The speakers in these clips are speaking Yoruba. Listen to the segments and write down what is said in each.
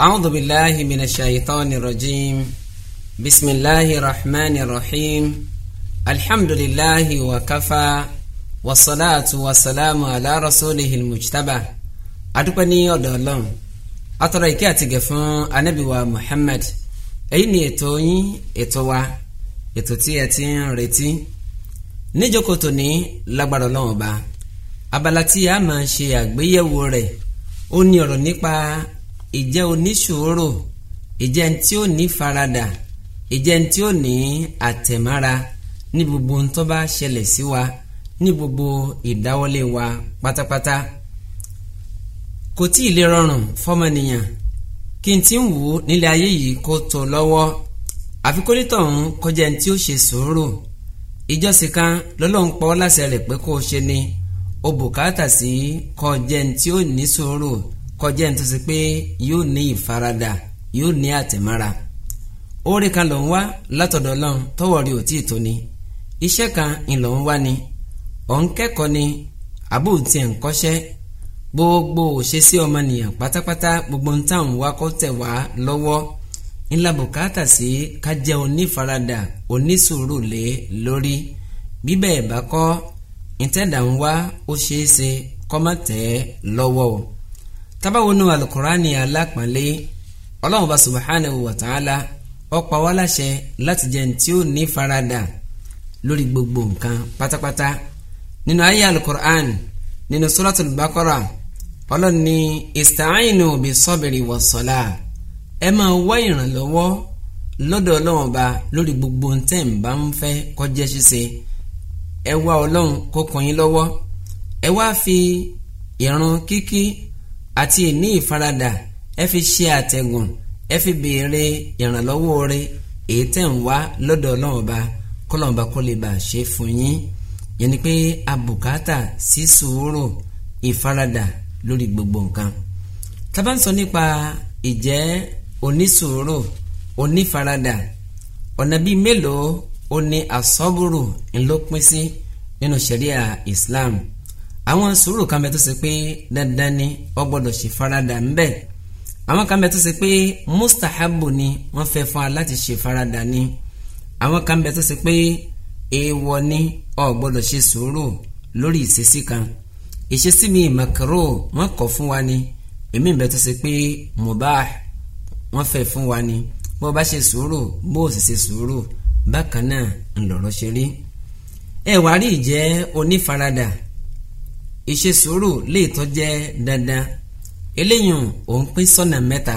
أعوذ بالله من الشيطان الرجيم بسم الله الرحمن الرحيم الحمد لله وكفى والصلاة والسلام على رسوله المجتبى adúpẹ́ni ọ̀dọ̀ ọlọ́run atọ́rọ ìkẹ́ àtìgẹ̀ fún anábìwa Muhammad èyí ni ètò yín ètò wa ètò tí ẹ ti ń retí níjókòó tòní lágbára ọlọ́run ọba abala tí a máa ṣe àgbéyẹ̀wò rẹ̀ ó ní ọ̀rọ̀ nípa ìjẹ́ oníṣòro ìjẹ́ ní tí ó ní faradà ìjẹ́ ní tí ó ní àtẹ̀mára ní gbogbo ń tó bá ṣẹlẹ̀ sí wa ní gbogbo ìdáwọ́lé wa pátápátá kò tí ì lè rọrùn fọmọnìyàn kí n ti ń wò ó nílé ayé yìí kó tó lọ́wọ́ àfikúnlítọ̀ ọ̀hún kọjá ní tí ó ṣe sùúrù ìjọsìn kan lọ́lọ́run pa láṣẹ rẹ̀ pé kó o ṣe ni o bùkátà sí kọjá ní tí ó ní sùúrù kọjá ní tó ṣe pé yóò ní ìfaradà yóò ní àtẹ̀mára oore kan ló ń wá látọ̀dọ̀ ọlọ́run tọwọ́ rí òtí ètò ni iṣẹ́ kan ìlò ń wá ni ọ̀ ń kẹ́kọ̀ọ́ ni àbò tí ẹ̀ ń kọ́ṣẹ́ gbogbo òṣèṣì ọmọnìyàn pátápátá gbogbo ń tàn wá kó tẹ̀ wá lọ́wọ́ ńlá bùkátà sí ká jẹ́ onífaradà onísùúrù lé lórí bíbẹ̀ ẹ̀ bá kọ́ ìtẹ̀dà ń wá ó ṣeé ṣe kó má lọ́wọ́ o tábàwọ̀ nù alukurani alápọ̀nlé ọlọ́run bá subhanahu wa ta'ala ó pa wá láṣẹ láti jẹ́ tí ó ní farada lórí gbogbo nǹkan pátápátá nínú ayé alukur'an nínú suratul baqara ọlọ́run ní ista'inu bis-sabri was-salah ẹ máa wá ìrànlọ́wọ́ lọ́dọ̀ ọlọ́run ọba lórí gbogbo ntẹ́ ń bá ń fẹ́ kọjá ṣíṣe ẹ wá ọlọ́run kó kàn yín lọ́wọ́ ẹ wá fi ìrun kíkí àti ìní ìfaradà ẹ fi ṣe àtẹ̀gùn ẹ fi béèrè ìrànlọ́wọ́ rẹ èyí tẹ̀ ń wá lọ́dọ̀ ọlọ́run ọba kọ́lọ́run ọba kó lè bá a ṣe fún yín yẹn ni pé abùkátà sí sùúrù ìfaradà lórí gbogbo nǹkan tá ń sọ nípa ìjẹ́ onísùúrù onífaradà ọ̀nà bíi mélòó ó ní ńlọpin sí nínú ṣẹ̀ríà Islam àwọn sùúrù kan bẹ tó ṣe pé dandan ni wọ́n gbọ́dọ̀ ṣe farada ńbẹ̀ àwọn kan bẹ tó ṣe pé mustahabu ni wọ́n fẹ́ fún wa láti ṣe farada ni àwọn kan bẹ tó ṣe pé èèwọ̀ ni o gbọ́dọ̀ ṣe sùúrù lórí ìṣesí kan ìṣesí mi makaro wọ́n kọ̀ fún wa ni èmi bẹ tó ṣe pé mubah wọ́n fẹ́ fún wa ni bó bá ṣe sùúrù bó sì ṣe sùúrù bákan náà ńlọrọ ṣe rí ẹ wàá rí ìjẹ́ onífaradà ìṣe sùúrù lè tó jẹ́ dandan eléyìí òun pín sọ́nà mẹ́ta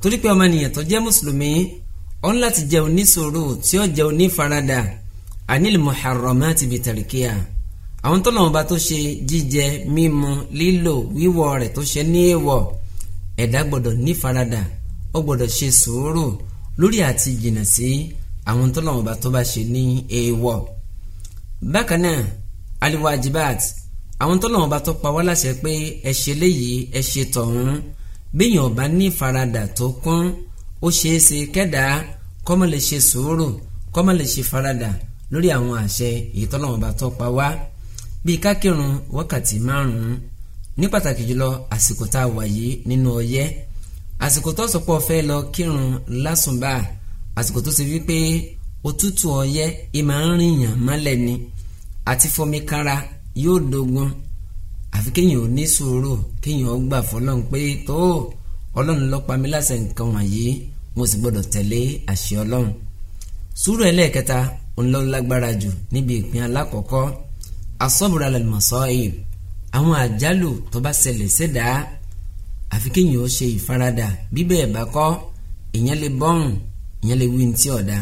torí pé ọmọnìyàn tó jẹ́ mùsùlùmí òun láti jẹ́ onísùúrù tí ó jẹ́ onífaradà anil muharramati bi tarikiya àwọn tó lọ́wọ́ bá tó ṣe jíjẹ mímu lílò wíwọ̀ rẹ̀ tó ṣe ní èèwọ̀ ẹ̀dá gbọ́dọ̀ nífaradà ó gbọ́dọ̀ ṣe sùúrù lórí àti jìnnà sí àwọn tó lọ́wọ́ bá tó bá ṣe ní èèwọ̀ bákan náà aliwajibat àwọn tọ́lọ́wọ́n bá tó pa wá láṣẹ pé ẹ ṣe léyìí ẹ ṣe tọ̀hún bíyàn bá ní ìfaradà tó kún ó ṣeé ṣe kẹ́dàá kó má lè ṣe sùúrù kó má lè ṣe faradà lórí àwọn àṣẹ èyí tọ́lọ́wọ́n bá tó pa wá bíi kákìrún wákàtí márùn-ún ní pàtàkì jùlọ àsìkò tá a wà yìí nínú ọyẹ́ àsìkò tó sọpọ̀ fẹ́ lọ kírun lásùnbà àsìkò tó ṣe wípé òtútù ọyẹ́ ìmọ̀ ń rìnyàn mọ́lẹ̀ ni àti fomi kára yóò dogun àfi kéèyàn ò ní sùúrù kéèyàn ó gbà fọlọ́n pé tó ọlọ́run ló pa mí láṣẹ nǹkan wọ̀nyí mo sì gbọ́dọ̀ tẹ̀lé àṣẹ ọlọ́run sùúrù ẹlẹ́ẹ̀kẹta ńlọ́lágbára jù níbi ìpín alákọ̀ọ́kọ́ asọ́bùrà lẹ́lmọ̀sọ́ yìí àwọn àjálù tó bá ṣẹlẹ̀ ṣẹ̀dá àfi kéèyàn ó ṣe ìfaradà bíbẹ̀ ẹ̀ bá kọ́ ìyẹn lè bọ́rùn ìyẹn lè wí ní tí ọ̀dà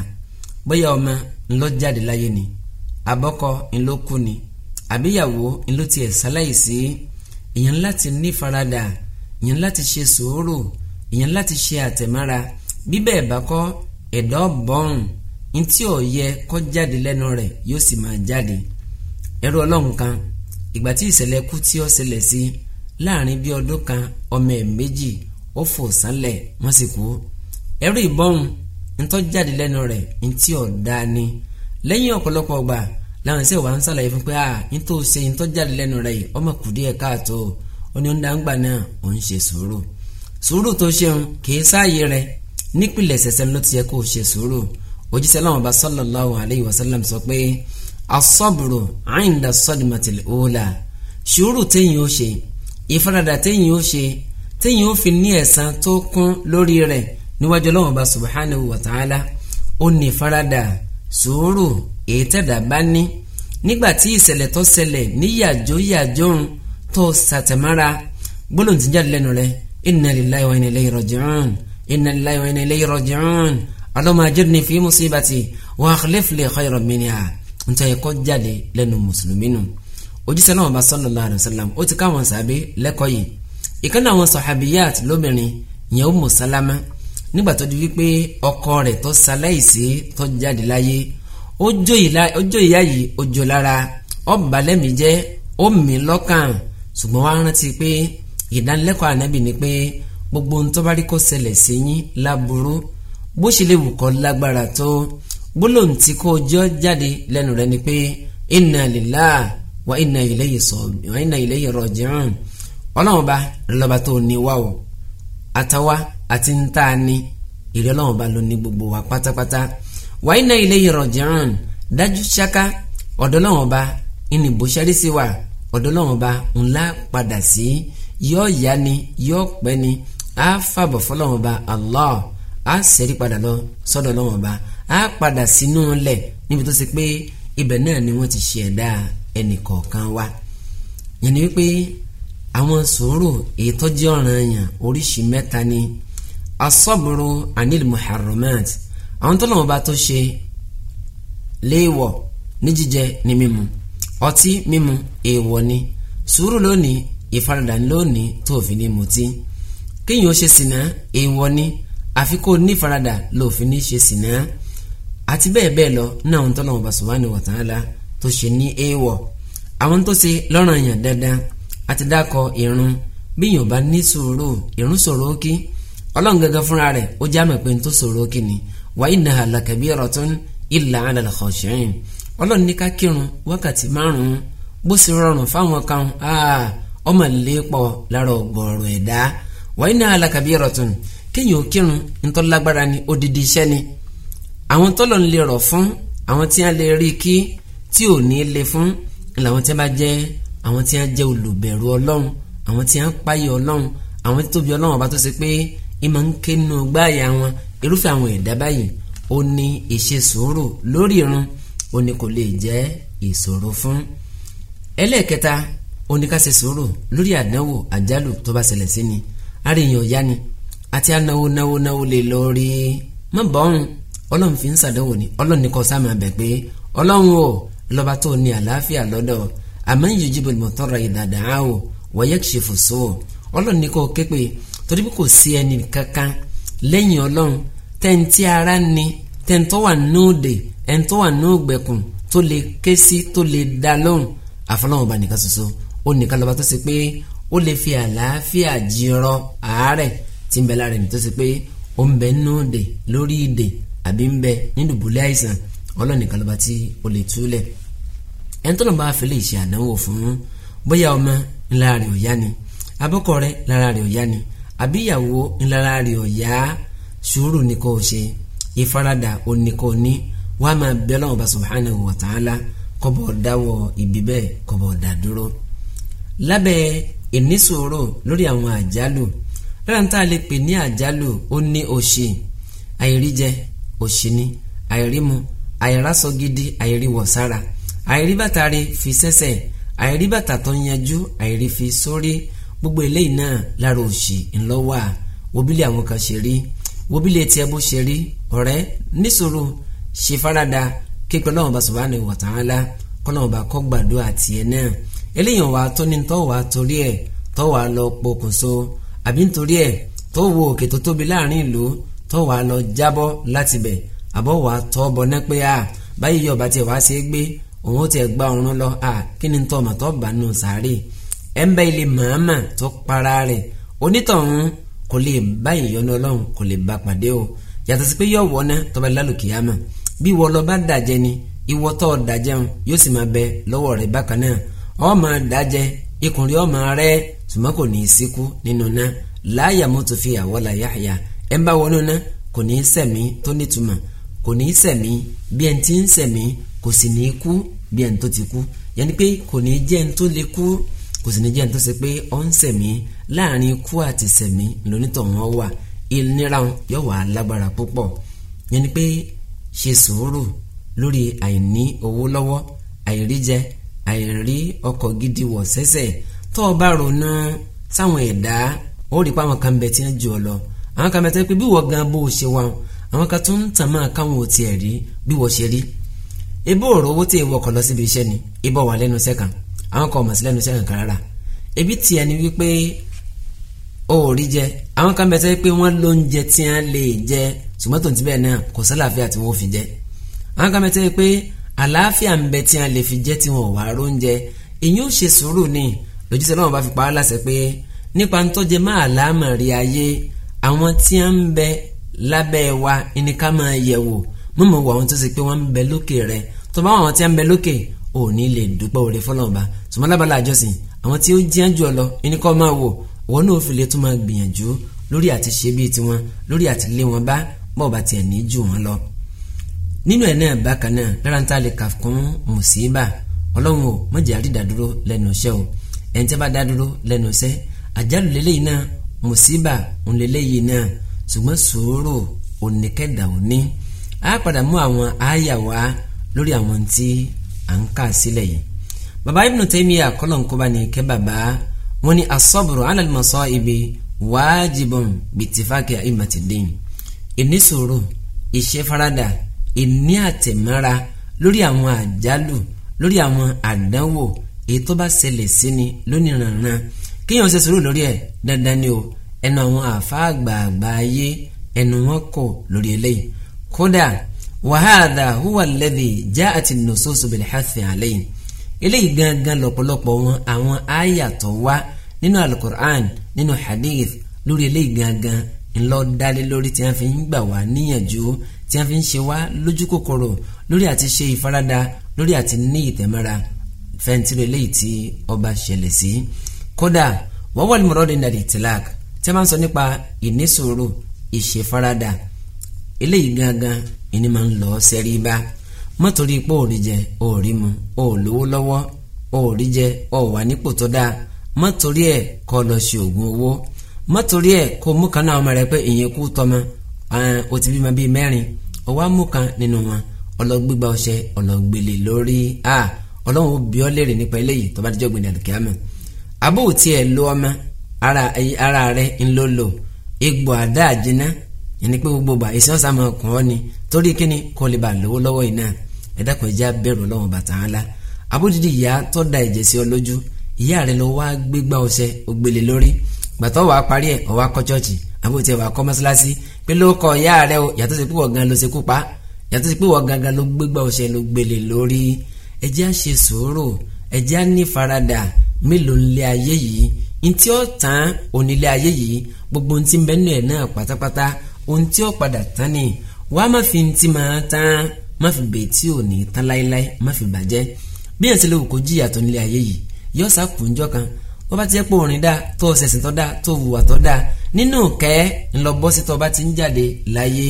bóyá ọmọ ńlọ jáde láyé ni abọ́kọ ńlọ kú ni àbíyàwó ńlọ tiẹ̀ ṣaláìsí èèyàn láti farada èèyàn láti ṣe sùúrù èèyàn láti ṣe àtẹ̀mára bíbẹ̀ ẹ̀ bá kọ́ ẹ̀dọ́ bọ́ọ̀n ntí ò yẹ kó jáde lẹ́nu rẹ̀ yóò sì máa jáde ẹrú ọlọ́run kan ìgbà tí ìṣẹ̀lẹ̀ kú tí ó ṣẹlẹ̀ sí láàrin bíi ọdún kan ọmọ ẹ̀ méjì ó fò sánlẹ̀ wọ́n sì kú ẹrú ìbọn ntọ́ jáde lẹ́nu rẹ̀ ntí ò dáa ni lẹ́yìn ọ̀pọ̀lọpọ̀ ọgbà làwọn ṣe wà ń sàlàyé fún pé ah nítorí ṣe ń tọ́jà lẹ́nu rẹ̀ yìí ọmọ kùdí ẹ̀ káàtó ó ní ó ń dáńgbà náà ó ń ṣe sùúrù sùúrù tó ṣeun kìí sáàyè rẹ nípìnlẹ̀ ṣẹ̀ṣẹ̀ ló ti yẹ kó o ṣe sùúrù òjíṣẹ́ láwọn bá sallallahu alayhi wa sallam sọ pé asọ́bùrù àyìndà sọ́dìmọ̀tì òòlà sùúrù téyìn ó ṣe ìfaradà téyìn ó ṣe téyìn ó fi ní ẹ̀san tó kún lórí rẹ̀ níwájú láwọn bá subhanahu wa ta'ala ó ní ìfaradà sùúrù èyí tẹ̀dá bá ní nígbà tí ìṣẹ̀lẹ̀ tó ṣẹlẹ̀ ní yàjó yàjó ń tó ṣàtẹ̀mára gbólóhùn ti jáde lẹ́nu rẹ̀ inna lillahi wa inna ilayhi raji'un inna lillahi wa inna ilayhi raji'un allahumma ajirni fi musibati wa akhlif li khayran minha ntọ́ yẹ kọ́ jáde lẹ́nu mùsùlùmí nù ojúṣe náà bá sallallahu alaihi wasallam ó ti káwọn sàbẹ lẹ́kọ̀ọ́ yìí ìkànnì àwọn sọ̀habiyat lóbìnrin yẹn ó mú nígbà tó di wípé ọkọ rẹ̀ tó ṣaláìsí tó jáde láyé ọjọ́ ìyá yìí ọjọ́ lára ọba lẹ́mí jẹ́ omi lọ́kàn ṣùgbọ́n wàá rántí pé ìdánilẹ́kọ̀ọ́ ànábì ni pé gbogbo ohun tó bá rí kó ṣẹlẹ̀ sí yín láburú bó ṣe lè wù kó lágbára tó gbólóhùn tí kò jọ jáde lẹ́nu rẹ ni pé inna lillahi wa inna ilayhi wa inna ilayhi raji'un ọlọ́run ba lọ́ba tó ní wá o àtàwa àti ń tà ní ìrẹ́ ọlọ́run ló ní gbogbo wa pátápátá wa inna ilayhi raji'un dájú ṣáká ọ̀dọ̀ Ọlọ́hun Ọba ìní bòṣẹ́rí sí wa ọ̀dọ̀ Ọlọ́hun Ọba ńlá padà sí yóò yá ni yóò pẹ́ ni á fàbọ̀ fọlọ́wọ́n Ọba Allah á sẹ́rí padà lọ sọ́dọ̀ Ọlọ́hun Ọba á padà sínú lẹ̀ níbi tó ṣe pé ibẹ̀ náà ni wọ́n ti ṣe ẹ̀dá ẹnì kọ̀ọ̀kan wa yẹn ni wípé àwọn sòrò ètò jẹ́ ọ̀ranyàn oríṣi mẹ́ta ni asọ́bùrù anil muharramat àwọn tó lọ́wọ́ bá tó ṣe léèwọ̀ ní jíjẹ ní mímu ọtí mímu èèwọ̀ ni sùúrù lónìí ìfaradà lónìí tó fi ní mutí kéèyàn ó ṣe sìnà èèwọ̀ ni àfi kó nífaradà lòfin ní ṣe sìnà àti bẹ́ẹ̀ bẹ́ẹ̀ lọ ní àwọn tó lọ́wọ́ bá subhanahu wa ta'ala tó ṣe ní èèwọ̀ àwọn tó ṣe lọ́ranyàn dandan àti dákọ̀ ìrun bí yóò bá ní sùúrù ìrun sòrò ó kí ọlọ́run gangan fúnra rẹ̀ ó já mọ̀ pé tó sòrò ó kí ni wa innaha lakabiratun illa ala al-khashi'in ọlọ́run ní ká kírun wákàtí márùn-ún bó sì rọrùn fáwọn kan ọmọ ah, lépọ̀ lára ọ̀gọ̀ọ̀rọ̀ ẹ̀dá wa innaha lakabiratun kéèyàn ò kírun ntọ́lágbára ni odidi iṣẹ́ ni àwọn tọ́lọ̀ ń lè rọ̀ fún àwọn tí a lè rí kí tí ò ní lè fún làwọn tí a bá jẹ́ àwọn tí a jẹ́ olùbẹ̀rù ọlọ́run àwọn tí a ń páyé ọlọ́run àwọn tí tóbi ọlọ́run ọba tó ṣe pé ìmọ̀ ń ké gbáàyà wọn irúfẹ́ àwọn ẹ̀dá báyìí ó ní ìṣe sùúrù lórí irun ó ní kò lè jẹ́ ìṣòro fún ẹlẹ́ẹ̀kẹta ó ní ká ṣe sùúrù lórí àdánwò àjálù tó bá ṣẹlẹ̀ sí ni àríyàn ọ̀yá ni àti anáwó náwó náwó lè lórí má bọ́ọ̀n ọlọ́run fi ń ṣàdánwò ni ọlọ́run ní kọ́ sáà máa bẹ̀ pé ọlọ́run o lọ́ba tó ní àlàáfíà lọ́dọ̀ àmọ́ yujibul mutarra idha da'ahu wa yakshifu su' ọlọ́run ní kọ́ képe torí bí kò sí ẹnì kankan lẹ́yìn ọlọ́run tẹ́ǹtì ara ni tẹ́ǹtọ́ wà nóòdè ẹ̀ǹtọ́ wà nóògbẹ̀kùn tó lè ké sí tó lè dá lóhùn àfọlọ́wọn ọba nìkan ṣoṣo ó nìkan lọ́ba tó ṣe pé ó lè fi àlàáfíà jìrọ àárẹ̀ tí ń bẹ lára ẹni tó ṣe pé ó ń bẹ nóòdè lórí ìdè àbí ń bẹ nídùbúlẹ̀ àìsàn ọlọ́run nìkan lọ́ba tí ó lè túlẹ̀ ẹ̀ǹtọ́ lọ́ba àfẹ́lẹ́ ìṣe àdánwò fún bóyá ọmọ ńlá rẹ̀ ò yá ni abọ́kọ̀ rẹ̀ lára rẹ̀ ò yá ni àbí ìyàwó ńlára rẹ̀ ò yá sùúrù ni kò ṣe ìfaradà ò ní kò ní wàá máa bẹ Ọlọ́run Ọba subhanahu wa ta'ala kọ́bọ̀ dáwọ́ ibi bẹ́ẹ̀ kọ́bọ̀ dà dúró. lábẹ́ ìnísòro lórí àwọn àjálù lára tá a lè pè ní àjálù ó ní òṣì àìríjẹ òṣì ni àìrímu àìrásọ gidi àìríwọ̀ sára àìrí bàtà rẹ̀ fi sẹ́sẹ̀ àìrí bàtà tó yanjú àìrí fi sórí. So gbogbo eléyìí náà lára òṣì ńlọ́wà wobílẹ̀ àwọn kan ṣe rí wobílẹ̀ tiẹ̀ bó ṣe rí ọ̀rẹ́ níṣòro ṣe farada képe lọ́wọ́n bá subhanahu wa ta'ala kọ́ lọ́wọ́n bá kọ́ gbàdúrà tiẹ̀ náà eléyìí wàá tó ní tọ́ wàá torí ẹ̀ tọ́ wàá lọ pokùnso àbí nítorí ẹ̀ tó wo òkè tó tóbi láàrin ìlú tó wàá lọ jábọ́ láti bẹ̀ àbọ̀ wàá tọ́ bọ ná pé à báyìí yọ̀ọ̀bá tiẹ̀ wàá ṣe gbé òun ó tiẹ̀ gba ọ̀run lọ à kí ni tọ́ ọmọ tó bá nù sáré ẹ̀ ń bá ilé màámà tó para rẹ̀ onítọ̀hún kò lè bá ìyọnu ọlọ́run kò lè bá pàdé o yàtọ̀ sí pé yóò wọ ná tọ́ba lálùkìyàmà bí wọ́n lọ bá dàjẹ́ ni ìwọ tó dàjẹun yóò sì máa bẹ lọ́wọ́ rẹ̀ bákan náà ọ́ máa dàjẹ́ ikùn rí ọ́ máa rẹ́ ṣùgbọ́n kò ní í síkú nínú ná láàyà mo fi àwọ̀ là yáàyà ẹ̀ wọnú ná kò ní í sẹ̀mí tó nítumọ̀ kò ní í sẹ̀mí bí ẹni tí ń sẹ̀mí kò sì ní í kú bí ẹni tó ti kú yẹn ni pé kò ní í jẹ́ ẹni tó lè kú kò sì ní jẹ́ nítorí sẹ pé ọ̀ ń sẹ̀mí láàrin ikú àti sẹ̀mí lónítọ̀hún wà ìnira yóò wà lágbára púpọ̀ yẹn ni pé ṣe sùúrù lórí àìní owó lọ́wọ́ àìríjẹ àìrí ọkọ̀ gidi wọ̀ sẹ́sẹ̀ tó o bá ronú sáwọn ẹ̀dá ó rí pa àwọn kan bẹ tí ń jù ọ lọ àwọn kan bẹ tẹ́ pé bí wọ́n gan bó o ṣe wà àwọn kan tó ń tàn máa káwọn ò tiẹ̀ rí bí wọ́n ṣe rí ebó òrò owó tí èèwọ̀ kọ̀ lọ síbi iṣẹ́ ni ibọ̀ wà lẹ́nu sẹ́kàn àwọn kan ọmọ sílẹ̀ ní sẹ́yìn kan rárá ebi tiẹ̀ ni wípé ó rí jẹ àwọn kan bẹ̀tẹ́ pé wọ́n ló ń jẹ tí wọ́n lè jẹ ṣùgbọ́n tòun ti bẹ́ẹ̀ náà kò sálàáfíà tí wọ́n fi jẹ àwọn kan bẹ̀tẹ́ pé àlàáfíà ń bẹ tí wọ́n lè fi jẹ tí wọ́n wà ló ń jẹ ìyún ṣe sùúrù ni lójúṣe náà wọ́n bá fi pa á láṣẹ pé nípa ń tọ́jẹ́ máa láàmà rí ayé àwọn tí wọ́n ń bẹ lábẹ́ wa ni ká máa yẹ̀ wò mọ̀mọ́ wọ àwọn tó ṣe pé wọ́n ń bẹ lókè rẹ̀ tó bá tí wọ́n ń bẹ lókè òní lè dúpẹ́ òrè fọlọ́ọ̀ba ṣùgbọ́n lábàlá àjọsìn àwọn tí ó jíájú ọ lọ ẹni kọ́ máa wò wọn náà fi lè tún máa gbìyànjú lórí àti ṣe bíi tiwọn lórí àti lé wọn bá bọ́ ọba tiẹ̀ ní jù wọn lọ. nínú ẹ̀ náà bákan náà lára ń ta lè kà fún mùsíbà ọlọ́run ò mọ̀jẹ̀ àrídàdúró lẹ́nu iṣẹ́ o ẹni tí a bá dá dúró lẹ́nu iṣẹ́ àjálù lélẹ́yìí náà mùsíbà òun lélẹ́yìí náà ṣùgbọ́n sòórò oníkẹ́dà òní á padà mú àwọn àáyà wá lórí àwọn tí à ń kà sílẹ̀ yìí baba ibnu taymiya kọlọ̀nkọba ní kẹ́ baba wọn ni asọ́bùrù alàlùmọ̀sọ́ ibi wájibọ̀n bìtìfákì àìmàtìdín ìníṣòro ìṣẹ́faradà ìní àtẹ̀mọ́ra lórí àwọn àjálù lórí àwọn àdánwò èyí tó bá ṣẹlẹ̀ sí ni lónìí rànran kéèyàn ṣe sùúrù lórí ẹ̀ dandan ni o ẹnu àwọn àfáàgbààgbà ayé ẹnu wọn kò lórí eléyìí kódà wàhálà húwà lẹ́dí já àti nùsọ́sọ́ bil hathi alayhi eléyìí gangan lọ́pọ̀lọpọ̀ wọn àwọn àyà tó wá nínú alukur'an nínú hadith lórí eléyìí gangan ńlọ dálé lórí tí wọ́n fi ń gbà wá níyànjú tí wọ́n fi ń ṣe wá lójú kòkòrò lórí àti ṣe ìfaradà lórí àti ní ìtẹ̀mọ́ra fẹ́ntìrì eléyìí tí ọba ṣẹlẹ̀ sí kódà wọ́n wọ́n mọ̀rọ́ ní nàdí tìlák tí wọ́n máa ń sọ nípa ìnísòro ìṣèfaradà eléyìí gangan ìní máa ń lọ sẹ́rí bá mọ́tòrí pé òòrì jẹ òòrì mu òòlówó lọ́wọ́ òòrì jẹ òòwà nípò tó dáa mọ́tòrí ẹ̀ kọ́ lọ ṣe oògùn owó mọ́tòrí ẹ̀ kó mú kan náà ọmọ rẹ pé ìyẹn kú tọmọ o ti bímọ bíi mẹ́rin ọwọ́ mú kan nínú wọn ọlọ́gbígba ọṣẹ ọlọ́gbélé lórí a ọlọ́run ó ọ́ léèrè nípa eléyìí tó bá gbìn dàdùkẹ́ àmọ́ abóò tiẹ̀ lo ọmọ ara rẹ ńlọ lò egbò àdá àjẹná yẹn ni pé gbogbo gbà èsì ọ̀sán máa ọ́ ni torí kíni kó lè bá lówó lọ́wọ́ yìí náà ẹ̀dàkùn ẹ̀jẹ̀ abẹ́rù ọlọ́run bàtà án la abódìdí ìyá tó da ẹ̀jẹ̀ sí ọ lójú ìyá rẹ lọ wá gbégbá ọṣẹ ògbélé lórí gbàtọ́ wàá parí ẹ̀ ọ wá kọ́ chọ́ọ̀chì wàá kọ́ mọ́ṣáláṣí pé ló ìyá rẹ o yàtọ̀ sí pé wọ́n gan ló ṣe kú pa yàtọ̀ sí pé wọ́n gangan ló gbégbá ọṣẹ ló gbélé lórí ẹ̀jẹ̀ á ṣe sùúrù ẹ̀jẹ̀ á ní faradà mélòó ńlẹ̀ ayé yìí ntí ó tán onílé ayé yìí gbogbo ntí mbẹ́nu ẹ̀ náà pátápátá ohun tí ó padà tán ni wàá má fi ntí máa tán má fi bèè tí ò ní tán láéláé má fi bàjẹ́ bí ẹ̀ ń sẹ́lẹ̀ òkò jìyà tó nílé ayé yìí yọ sáàpù ńjọ́ kan wọ́n bá ti jẹ́ pé orin dá tó o ṣẹ̀sìn tó dá tó o wùwà tó dá nínú kẹ́ ńlọbọ́ tó bá ti ń jáde láyé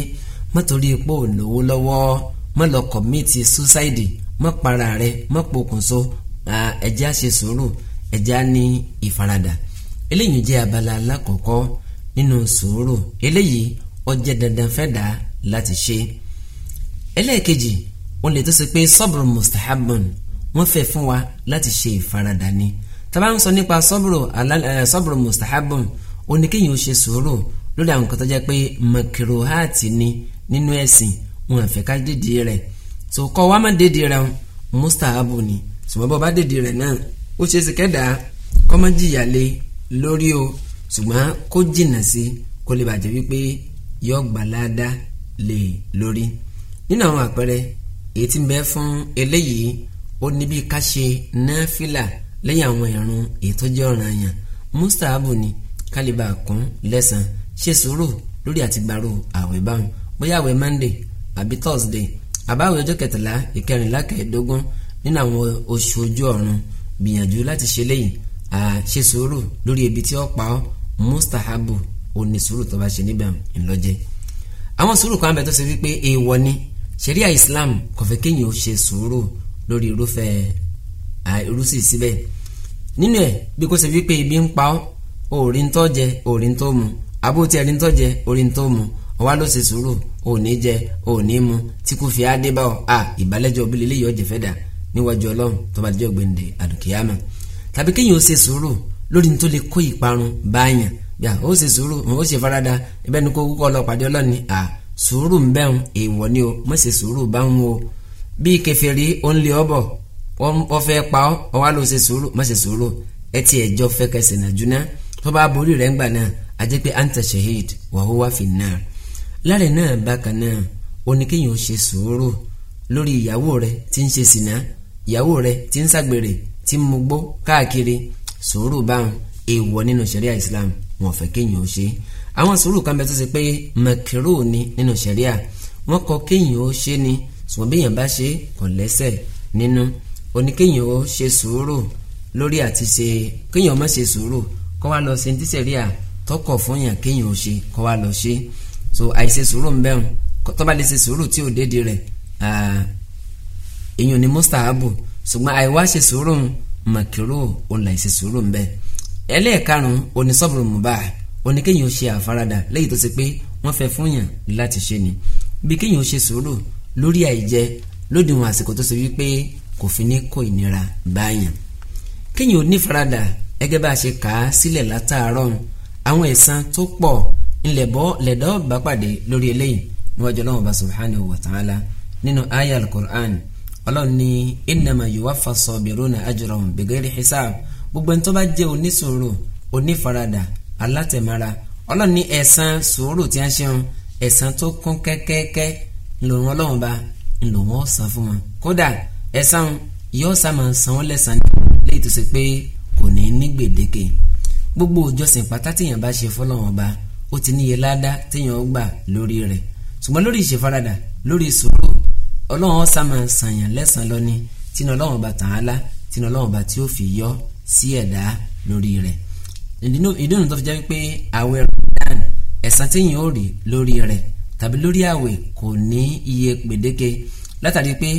má torí lówó lọ́wọ́ má lọ kọ̀míìtì súsáìdì para rẹ má pokùnso ẹ̀jẹ̀ á ṣe ẹ̀jẹ̀ á ìfaradà eléyìí jẹ́ abala alákọ̀ọ́kọ́ nínú sùúrù eléyìí ó dandan fẹ́ dá láti ṣe ẹlẹ́ẹ̀kejì wọn lè tó ṣe pé sọ́bùrù mustahabun wọ́n fẹ́ fún wa láti ṣe ìfaradà ni tàbá ń sọ nípa sọ́bùrù mustahabun oníkéyìn ó ṣe sùúrù lórí àwọn kan pé makirohati ni nínú ẹ̀sìn wọn àfẹ́ ká dédìí rẹ̀ tó kọ́ wa má dédìí rẹ̀ mustahabu ni ṣùgbọ́n bọ́ bá dédìí rẹ̀ náà ó ṣe é sì kẹ́dà kọ́ má jìyà lé lórí o ṣùgbọ́n kó jìnnà sí kó lè bàjẹ́ wípé yọ gbàládá lè lórí nínú àwọn àpẹẹrẹ èyí tí ń bẹ fún eléyìí ó ní bí ká ṣe náfìlà lẹ́yìn àwọn ìrun èyí tó jẹ́ ọ̀ranyàn mustahabu ni kálíbà kún lẹ́sàn ṣe sùúrù lórí àtìgbàrò àwẹ̀ báwọn bóyá àwẹ̀ monday àbí thursday àbáwẹ̀ ọjọ́ kẹtàlá ìkẹrìnlá kẹẹ̀ẹ́dógún nínú àwọn oṣù ojú ọ̀run gbìyànjú láti ṣe lẹ́yìn àṣe sùúrù lórí ebi tí ó pa ọ́ mustahabu ò ní sùúrù tó bá ṣe níbẹ̀ ńlọ́jẹ́ àwọn sùúrù kan bẹ tó ṣe wípé èèwọ̀ ni ṣẹ̀ríà Islam kò fẹ́ kéèyàn ó ṣe sùúrù lórí irúfẹ́ irúsì síbẹ̀ nínú ẹ̀ bí kò ṣe wípé ibi ń pa ọ́ òòrìn tó jẹ òòrìn tó mu abóòtí ẹ̀rín tó jẹ òòrìn tó mu ọwá ló ṣe sùúrù òní jẹ òní mu tí kò fi adé bá ọ a ìbálẹ́jọ́ òbí lélẹ́yìí ọ̀jẹ̀ fẹ́ dà níwájú ọlọ́run tó bá dijọ́ gbẹ̀ǹdẹ̀ àdùkìyàmà tàbí kéèyàn ó ṣe sùúrù lórí tó lè kó ìparun báyàn ó ṣe sùúrù ó ṣe farada ẹbẹ́ ni kó kúkọ́ lọ ni a sùúrù ń bẹ́ẹ̀ èèwọ̀ ni o má ṣe sùúrù bá ń wo bí kèfèrí ó ń lé ọ bọ̀ wọ́n fẹ́ pa ọ́ ọ wá ló ṣe sùúrù má ṣe sùúrù ẹ ti ẹ̀jọ́ fẹ́ kẹsẹ̀ nàjú ná tó bá borí rẹ̀ ń gbà náà a jẹ́ pé anta shahid wa huwa finnar lára náà bákan náà ó ní kéèyàn ó ṣe sùúrù lórí ìyàwó rẹ̀ tí ń ṣe sìnà ìyàwó rẹ̀ tí ń ṣàgbèrè tí ń mugbó káàkiri sùúrù báwọn èèwọ̀ nínú ṣẹ̀ríà Islam wọn fẹ́ kéèyàn ó àwọn sùúrù kan bẹ tó ṣe pé mẹkìrò ni nínú ṣẹ̀ríà wọ́n kọ kéèyàn ó ṣe ni ṣùgbọ́n béèyàn bá ṣe kò lẹ́sẹ̀ nínú oníkéèyàn ó ṣe sùúrù lórí àti ṣe kéèyàn má ṣe sùúrù kọ́ wa lọ ṣe ní tíṣẹ̀ríà tọkọ̀ fún yàn kéèyàn ó ṣe kọ́ wa lọ ṣe so àìṣe sùúrù ń bẹ̀rùn tọ́ba lè ṣe sùúrù tí ò dédi rẹ̀ èèyàn ni mustahabu ṣùgbọ́n àìwá ṣe sùúrù mọ̀kìrò òun là ìṣe sùúrù ń bẹ ẹlẹ́ẹ̀karùn-ún onísọ́bùrù mùbáà òní kéèyàn ó ṣe àfaradà léyìí tó ṣe pé wọ́n fẹ́ fún yàn láti ṣe ni bí kéèyàn ó ṣe sùúrù lórí àìjẹ lódiwọ̀n àsìkò tó ṣe wípé kò fi ní kó ìnira báyàn kéèyàn ò ní faradà gẹ́gẹ́ bá a ṣe kà á sílẹ̀ látàárọ̀ àwọn ẹ̀san tó pọ̀ ńlẹ̀bọ́ lẹ̀dọ́ bá pàdé lórí eléyìí níwájú ọlọ́run bá subhanahu wa ta'ala nínú aya al ọlọ́run ní innama yuwaffa as-sabiruna ajrahum bighairi hisab gbogbo ẹni tó bá jẹ́ onísùúrù onífaradà alátẹ̀mọ́ra ọlọ́run ní ẹ̀san sùúrù tí a ń ṣeun ẹ̀san tó kún kẹ́kẹ́kẹ́ ńlọrun ọlọ́run bá ńlọrun ọ̀sán fún wọn kódà ẹ̀san yóò sàmà san ó lẹ́san léyìí tó ṣe pé kò ní ní gbèdéke gbogbo òjọsìn pátá téèyàn bá ṣe fọlọ́run ọba ó ti níye ládá téèyàn ó gbà lórí rẹ̀ ṣùgbọ́n lórí ìṣèfaradà lórí sùúrù ọlọ́run ọ̀sán sànyàn lẹ́san lọ́ni tínú ọlọ́run ọba tàn án lá tínú ọlọ́run ọba tí ó fi yọ sí ẹ̀dá lórí rẹ̀ ìdínú tó fi jẹ́ wípé àwẹ̀ Ramadan ẹ̀san tí yìí ó rí lórí rẹ̀ tàbí lórí àwẹ̀ kò ní iye pèdéke látàrí pé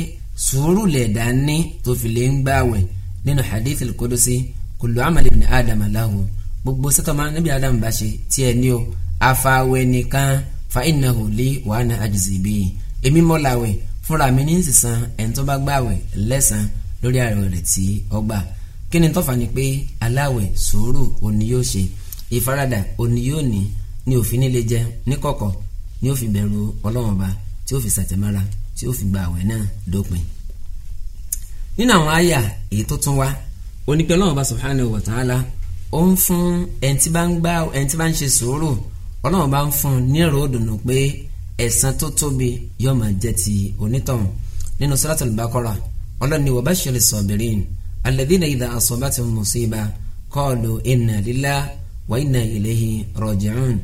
sùúrù lẹ̀dá ní tó fi lè ń gbà àwẹ̀ nínú hadith al-Qudusi kullu amali ibn adam lahu gbogbo sẹ́tọ̀mọ́ níbi adam bá ṣe tiẹ̀ ní o afawẹ́ nìkan fa innahu li wa ana ajzi bi èmi mọ́ làwẹ̀ fúnra mi ní sísan ẹni tó bá gbàwẹ̀ lẹ́san lórí àwẹ̀ rẹ̀ tí ó kí ni tọ́fà ni pé aláwẹ̀ sùúrù òní yóò ṣe ìfaradà òní yóò ní ní òfin nílé jẹ níkọ̀kọ̀ ní ó fi bẹ̀rù ọlọ́wọ́n ba tí ó fi sàtẹ̀mára tí ó fi gba àwẹ̀ náà dópin. nínú àwọn àyà èyí tó tún wá onípe ọlọ́wọ́n ba subhanahu wa ta'ala ó ń fún ẹni tí bá ń gbá ẹni tí bá ń ṣe sùúrù ọlọ́wọ́n bá ń fún ní èrò òdùnnú pé ẹ̀san tó tóbi yóò máa jẹ́ ti onítọ̀hún nínú suratul alladhina idha asabathum musiba qalu inna lillahi wa inna ilayhi raji'un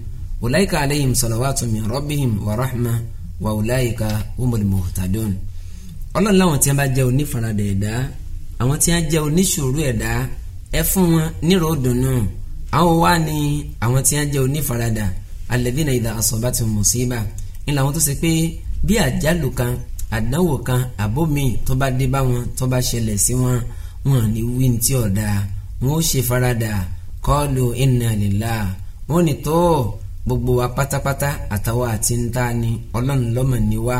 ulaika alayhim salawatun min rabbihim wa rahma wa ulaika humul muhtadun ọlọ́run láwọn tí wọ́n bá jẹ́ onífaradà ẹ̀dá àwọn tí wọ́n jẹ́ oníṣòro ẹ̀dá ẹ fún wọn nírò dùnú àwọn wá ní àwọn tí wọ́n jẹ́ onífaradà alladhina idha asabathum musiba ńlá wọn tó ṣe pé bí àjálù kan àdánwò kan àbómi tó bá dé bá wọn tó bá ṣẹlẹ̀ sí wọn wọn ní wí ní tí ọ̀dà wọn ó ṣe farada kọ́ọ̀lù inna lillah wọn ní tó gbogbo wa pátápátá àtàwọn àti ń ta ni ọlọ́run lọ́mọ ni wá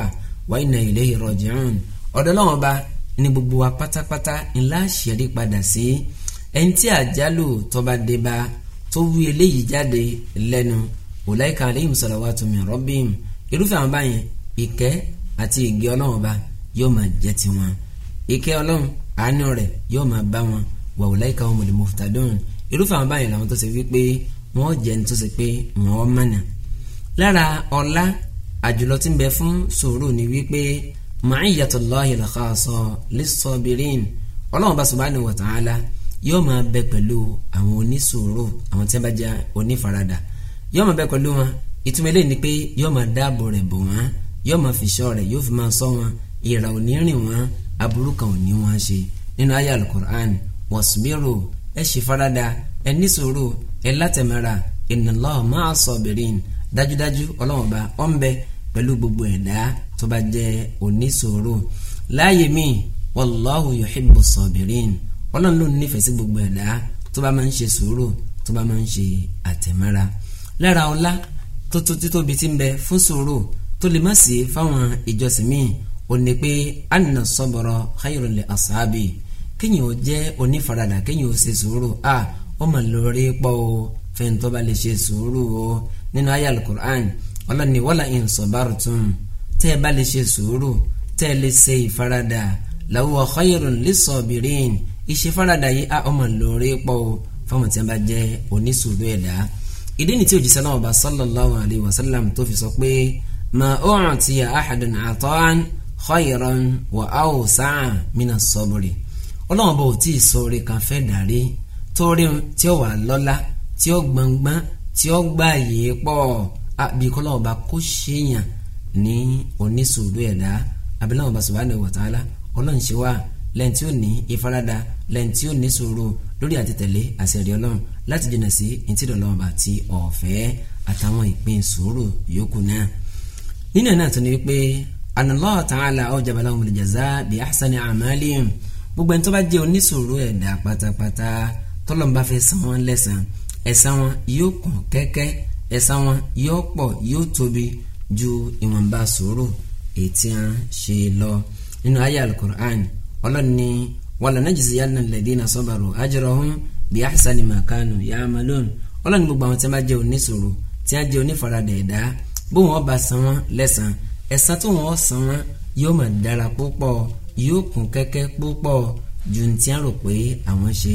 wa inna ilayhi raji'un ọ̀dọ̀ lọ́wọ́n ba ní gbogbo wa pátápátá ńlá ṣẹ̀rí padà sí ẹni tí àjálù tọ́ba dé bá tó wí eléyìí jáde lẹ́nu ulaika alayhim salawatu min rabbihim irúfẹ́ àwọn báyẹn ìkẹ́ àti ìgẹ́ ọlọ́run ba yóò máa jẹ́ tiwọn ìkẹ́ ọlọ́run àánú rẹ̀ yóò máa bá wọn wà wò láìka wọn mọ̀lẹ́ mọ̀fútàdọ́n irúfẹ́ àwọn báyìí làwọn tó ṣe wípé wọ́n jẹ́ ní tó ṣe pé wọ́n mọ̀nà. lára ọlá àjùlọ tí ń bẹ fún sùúrù ni wípé ma'iyatullahi al-khassa lis-sabirin ọlọ́run bá subhanahu wa ta'ala yóò máa bẹ pẹ̀lú àwọn onísùúrù àwọn tí wọ́n bá jẹ́ onífaradà yóò máa bẹ pẹ̀lú wọn ìtumọ̀ eléyìí ni pé yóò máa dáàbò rẹ̀ bò wọ́n yóò máa fìṣọ́ rẹ̀ yóò fi máa ṣọ́ wọn ìrà ò ní aburú kan ò ní wọ́n ṣe nínú ayé alukur'an wasbiru ẹ ṣe farada ẹ ní sùúrù ẹ látẹ̀mẹ́ra innallaha ma'a sabirin dájúdájú ọlọ́wọ́n bá ọ́n bẹ pẹ̀lú gbogbo ẹ̀dá tó bá jẹ́ onísùúrù láàyè mi wallahu yuhibbu sabirin ọlọ́run ló nífẹ̀ẹ́ sí gbogbo ẹ̀dá tó bá máa ń ṣe sùúrù tó bá máa ń ṣe àtẹ̀mọ́ra lára ọlá tó tó títóbi ti ń bẹ fún sùúrù tó lè má sí fáwọn ìjọsìn míì ó ní pé anna sọ́bọ̀rọ̀ khayrun li ashabi kéèyàn ó jẹ́ onífaradà kéèyàn ó ṣe sùúrù a ó mà lórí pọ̀ o fẹ́ntọ́ bá lè ṣe sùúrù o nínú ayé alukur'an ọlọ́ni wala in sabartum tẹ́ ẹ bá lè ṣe sùúrù tẹ́ ẹ lè ṣe ìfaradà lahuwa khayrun lissabirin iṣẹ́ faradà yìí a ó mà lórí pọ̀ o fáwọn tí wọn bá jẹ́ onísùúrù ẹ̀dá ìdí ni tí òjíṣẹ́ náà bá sallallahu khayran wa awsa'a mina sọ́bùrì ọlọ́run bò tí ì sọ̀rọ̀ kan fẹ́ dàrí torí tí ó wà lọ́lá tí ó gbọ̀ngbọ́n tí ó gbà yìí pọ̀ àbí kọ́lọ́run bá kó ṣèyàn ní onísùúrù ẹ̀dá abiláwọn bá subhanahu wa ta'ala ọlọ́run ṣe wá lẹ́yìn tí ó ní ìfaradà lẹ́yìn tí ó ní sùúrù lórí àtẹ̀tẹ̀lé àṣẹ̀rí ọlọ́run láti dènà sí ìtìdọ̀lọ́wọ́ àti ọ̀fẹ́ anallahu ta'ala awjaba lahum al-jazaa bi ahsani a'malihim gbogbo ẹni tó bá jẹ́ oníṣòro ẹ̀dá pátápátá tọ́lọ́mbà fẹ́ san wọ́n lẹ́san ẹ̀san wọn yóò kún kẹ́kẹ́ ẹ̀san wọn yóò pọ̀ yóò tóbi ju ìwọ̀nba sòrò ètí à ń ṣe lọ nínú ayé alukur'an ọlọ́ni wàlá nàjìsí yánà lẹ́dínà sọ́bàrò ajrahum bí ahsani ma kanu ya'malun ọlọ́ni gbogbo àwọn tí wọ́n bá jẹ́ oníṣòro tí wọ́n jẹ́ onífaradà ẹ̀dá bó wọn bá san wọ́n lẹ́san ẹ̀san tó wọ́n san wọ́n yóò máa dára púpọ̀ yóò kún kẹ́kẹ́ púpọ̀ ju ti àrò pé àwọn ṣe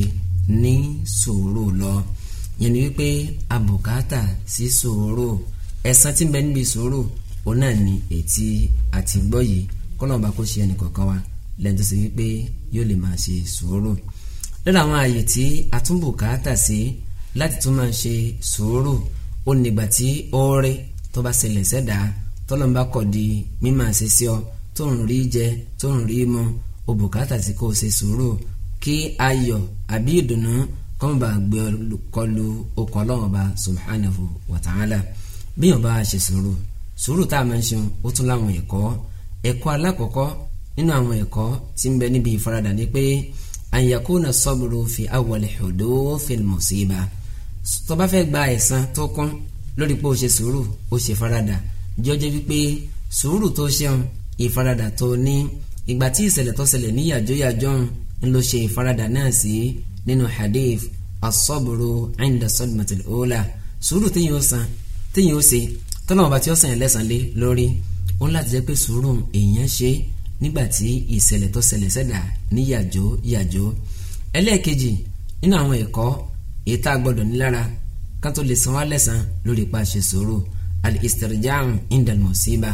ní sùúrù lọ yẹn ni wípé àbùkátà sí sùúrù ẹ̀san tí ń bẹ níbi sùúrù òun náà ni ètí àti gbọ́ yìí kọ́nà ọba kó ṣe ẹnì kọ̀ọ̀kan wa lẹ́yìn tó ṣe wípé yóò lè máa ṣe sùúrù lọ́dọ̀ àwọn ààyè tí àtúnbùkátà sí láti tún máa ṣe sùúrù ó nígbà tí oore tó bá ṣẹlẹ̀ sẹ́dàá tọ́lọ́mbà kọ̀ di mímọ̀ àṣẹṣe ọ tó ń rí jẹ tó ń rí mu o bùkátà sí kó o ṣe sùúrù kí ayọ̀ àbí ìdùnnú kọ́mọ̀ bá gbé kọlu okọ̀ ọlọ́wọ́ bá subhanahu wa ta'ala bí yóò bá a ṣe sùúrù sùúrù tá a máa ń ṣe ó tún láwọn ẹ̀kọ́ ẹ̀kọ́ alákọ̀ọ́kọ́ nínú àwọn ẹ̀kọ́ tí ń bẹ níbi ìfaradà ni pé àyàkóna sọ́bùrù fi awọlẹ̀ ọ̀dọ́ fèlmọ̀síba tó bá fẹ́ gba ẹ̀san tó kún lórí pé o ṣe sùúrù o ṣe faradà jọjẹ́ wípé sùúrù tó ṣeun ìfaradà tó ní ìgbà tí ìṣẹ̀lẹ̀ tó ṣẹlẹ̀ ní yàjóyàjó ń lọ ṣe ìfaradà náà sí nínú hadith asọ́bùrù ẹ̀ńdà sọ́dùmọ̀tì òòlà sùúrù téèyàn ó san téèyàn ó ṣe tọ́nà ọba tí ó sàn ẹlẹ́sàn lé lórí ó láti jẹ́ pé sùúrù èèyàn ṣe nígbà tí ìṣẹ̀lẹ̀ tó ṣẹlẹ̀ ṣẹ̀dá ní yàjó yàjó ẹlẹ́ẹ̀kejì nínú àwọn ẹ̀kọ́ èyí al-istirja'u inda al-musiba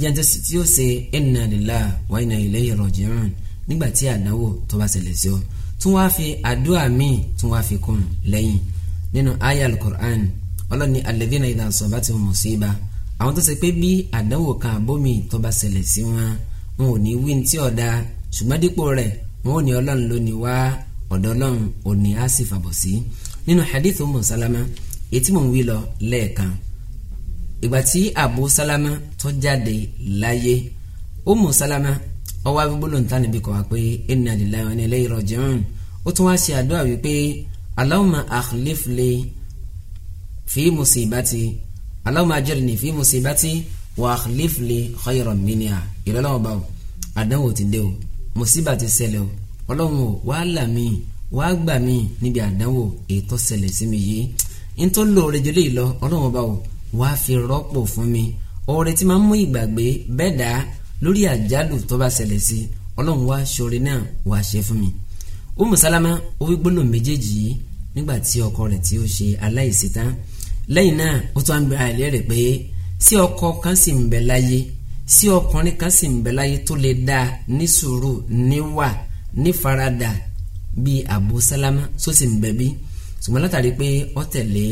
jẹ́ntẹ́ tí ó ṣe inna lillahi wa inna ilayhi raji'un nígbà tí àdánwò tó bá ṣẹlẹ̀ sí ọ tún wá fi àdúrà míì tún wá fi kún lẹ́yìn nínú aya al-Qur'an ọlọ́ni alladhina idha asabathum musiba àwọn tó ṣe pé bí àdánwò kan àbómi tó bá ṣẹlẹ̀ sí wọn wọn ò ní wí tí ọ̀dà ṣùgbọ́n dípò rẹ̀ wọn ò ní ọlọ́run ló wá ọ̀dọ̀ ọlọ́run ò ní á sì fàbọ̀ sí nínú hadith ìgbà tí Abu Salama tó jáde láyé Ummu Salama ọwọ́ abúgbòlò ń tán níbi kọ́ wa pé inna lillahi wa inna ilayhi raji'un ó tún wá ṣe àdúrà wípé Allahumma akhlif li fi musibati Allahumma ajirni fi musibati wa akhlif li khayran minha ìrọ̀lọ́wọ́ bá o àdánwò ti dé o mùsíbà ti ṣẹlẹ̀ o ọlọ́run o wàá là mí wàá gbà mí níbi àdánwò ètò ṣẹlẹ̀ sí mi yìí wàá fi rọ́pò fún mi ọrẹ tí máa ń mú ìgbàgbé bẹ́ẹ̀ dá lórí àjálù tó bá ṣẹlẹ̀ sí ọlọ́run wá ṣoore náà wàá ṣe fún mi. Umu Salama ó wí gbóná méjèèjì yìí nígbà tí ọkọ rẹ̀ tí ó ṣe aláìsí tán lẹ́yìn náà ó tún á ń bẹ àìlè rẹ̀ pé sí ọkọ kan sì ń bẹ láyé sí ọkùnrin kan sì ń bẹ láyé tó lè dáa ní sùúrù níwà nífaradà bíi Abu Salama só sì ń bẹ bí ṣùgbọ́n látàrí pé ó tẹ̀lé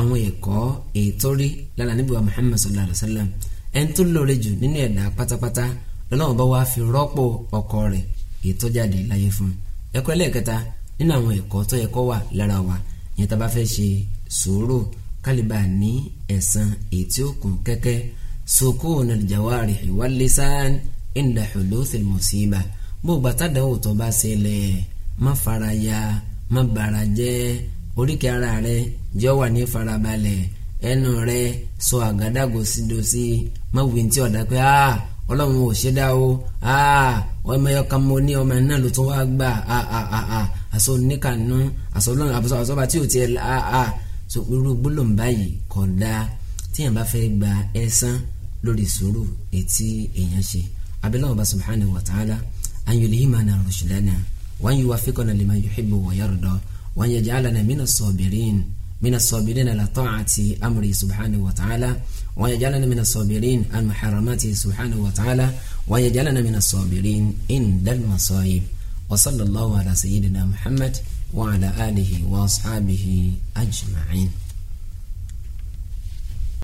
àwọn ẹ̀kọ́ ètò rí lára Ànábì wa Muhammad sallallahu alayhi wa sallam ẹni tó lóore jù nínú ẹ̀dá pátápátá lọ́lọ́wọ́ bá wá fi rọ́pò ọkọ rẹ̀ ètò jáde láyé fún un ẹ̀kọ́ ẹlẹ́ẹ̀kẹta nínú àwọn ẹ̀kọ́ tó yẹ kó wà lára wa yẹn tá a bá fẹ́ ṣe sùúrù kálíbà ní ẹ̀san ètí òkun kẹ́kẹ́ sukun al-jawarih wal-lisan inda huluth al-musiba bó gbàtàdánwò tó bá ṣẹlẹ̀ má fara má bara jẹ́ oríkèé ara rẹ jọ wà ní farabalẹ̀ ẹnu rẹ sọ àgádágò sídò sí mọ̀wé tí ọ̀dà pé a ọlọ́run ò ṣe dá o a ọmọ ẹ̀ka mo ní ọmọ náà ló tún wá gbà a a a a àṣọ oníkànnú àṣọ ọlọ́run àbúṣọ àṣọ ọba tí ò tiẹ̀ a a so irú gbólóhùn báyìí kò dáa tíyẹn bá fẹ́ gba ẹ̀san lórí sùúrù etí èèyàn ṣe abẹ́lẹ́ ọba subhanahu wa ta'ala an yulimana rushdana wa an yuwaffiqana lima yuhibbu wa yarda wọ́n yẹ jàálà ní mina sọ̀bìrín mina sọ̀bìrín ala ta'ati amri subhanahu wa ta'ala wọ́n yẹ jàálà ní mina sọ̀bìrín an muharramati subhanahu wa ta'ala wọ́n yẹ jàálà ní mina sọ̀bìrín indal masayib wa sallallahu ala sayyidina muhammad wa ala alihi wa ashabihi ajma'in.